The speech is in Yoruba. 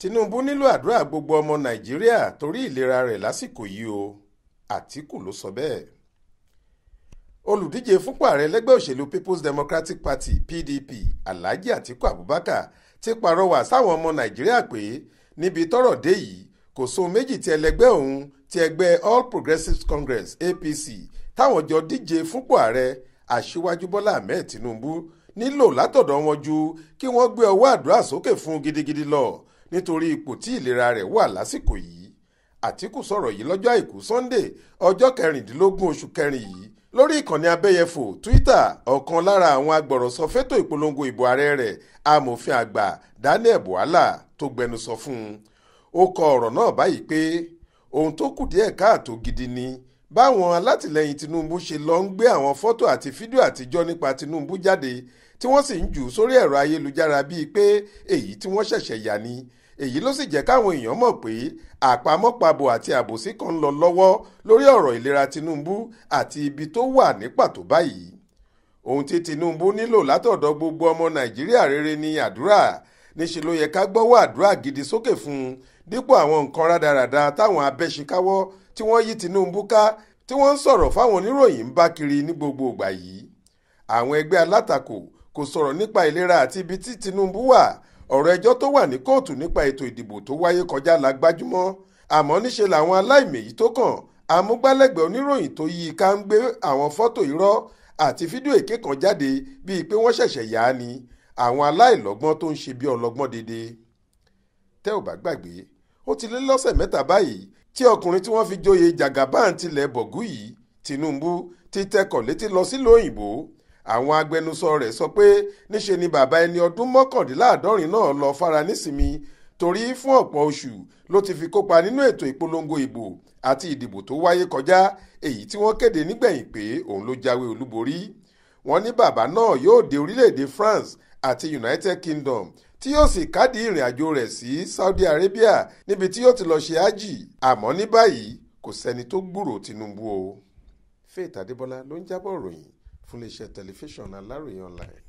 Tinubu nílò àdúrà gbogbo ọmọ Nàìjíríà torí ìlera rẹ̀ lásìkò yìí o Àtíkù ló sọ bẹ́ẹ̀ olùdíje fúnpò ààrẹ lẹ́gbẹ́ òṣèlú People's Democratic Party PDP Alhaji Atiku Abubakar ti pàrọwà sáwọn ọmọ Nàìjíríà pé níbi tọ́rọ̀ dé yìí kò sóhun méjì tí ẹlẹgbẹ́ òun ti ẹgbẹ́ All Progressives Congress APC táwọn jọ díje fúnpò ààrẹ Aṣíwájú Bọ́lá Ahmed Tinubu nílò látọ̀dọ̀ wọn ju kí wọ́n gbé ọwọ́ àdúrà sókè fún gidigidi lọ nítorí ipò tí ìlera rẹ̀ wà lásìkò yìí àtìkù sọ̀rọ̀ yìí lọ́jọ́ àìkú sunday ọjọ́ kẹrìndínlógún oṣù kẹrin yìí lórí ìkànnì abẹ́yẹfò twitter ọ̀kan lára àwọn agbọ̀rọ̀sọ fétò ìpolongo ìbò ààrẹ rẹ̀ amòfin àgbà daniel buhala tó gbẹnusọ fún un ó kọ ọ̀rọ̀ náà báyìí pé ohun tó kù díẹ̀ káàtó gidi ni báwọn alátìlẹyìn Tinubu ṣe lọ ń gbé àwọn fọ́tò àti fídíò àtijọ́ nípa Tinubu jáde tí wọ́n sì ń jù ú sórí ẹ̀rọ ayélujára bíi pé èyí tí wọ́n ṣẹ̀ṣẹ̀ yà ni èyí ló sì jẹ́ káwọn èèyàn mọ̀ pé àpamọ́pabo àti àbòsí kan ń lọ lọ́wọ́ lórí ọ̀rọ̀ ìlera Tinubu àti ibi tó wà ní pàtó báyìí ohun tí Tinubu nílò látọ̀dọ̀ gbogbo ọmọ Nàìjíríà rere ni àdúrà níṣẹ́ ló yẹ ká gbọ́wọ́ àdúrà gidi sókè fún un dípò àwọn nǹkan rádaràda táwọn abẹ́sìnkáwọ́ tí wọ́n yí Tinubu ká tí wọ́n ń sọ̀rọ̀ fáwọn oníròyìn ń bá kiri ní gbogbo ìgbà yìí àwọn ẹgbẹ́ alátakò kò sọ̀rọ̀ nípa ìlera àti ibi tí Tinubu wà ọ̀rọ̀ ẹjọ́ tó wà ní kóòtù nípa ètò ìdìbò tó wáyé kọjá la gbájúmọ́ àmọ́ níṣe làwọn aláìmèyí tó kàn amúgbálẹ́gbẹ̀ẹ́ oníròyìn tó yí i ká ń gbé àwọn fọ́tò irọ́ àti fídíò èké kan jáde bíi pé wọ́n ṣẹ̀ṣẹ̀ yá ni àwọn aláìlọ́gbọ́n tó ń ṣe bí ọlọ́gbọ́n dédé tẹ́ ò bá gbàgbé ó ti lé lọ́sẹ̀ mẹ́ta báyìí tí ọkùnrin tí wọ́n fi joyè jagaban tilẹ̀ bọ̀gú yìí Tinubu ti tẹkọ̀ létí lọ sílùú òyìnbó àwọn agbẹnusọ rẹ̀ sọ pé níṣe ni bàbá ẹni ọdún mọ́kàndínláàádọ́rin náà lọ fara nísinmi torí fún ọ̀pọ̀ oṣù ló ti fi kópa nínú ètò ìpolongo ìbò àti ìdìbò tó wáyé kọjá èyí tí wọ́n kéde nígbẹ̀yìn pé òun ló jáwé olúborí wọ́n ní bàbá náà yóò dé orílẹ̀-èdè France àti United Kingdom tí yóò sì kádìí ìrìn àjò rẹ̀ sí Saudi Arabia níbi tí yóò ti lọ ṣe ájì àmọ́ ní báyìí kò sẹ́ni tó gbúrò Tinubu o. Faith Adébọlá ló ń jábọ̀ ròyìn fún iléeṣẹ́ tẹlifíṣàn Aláròye online.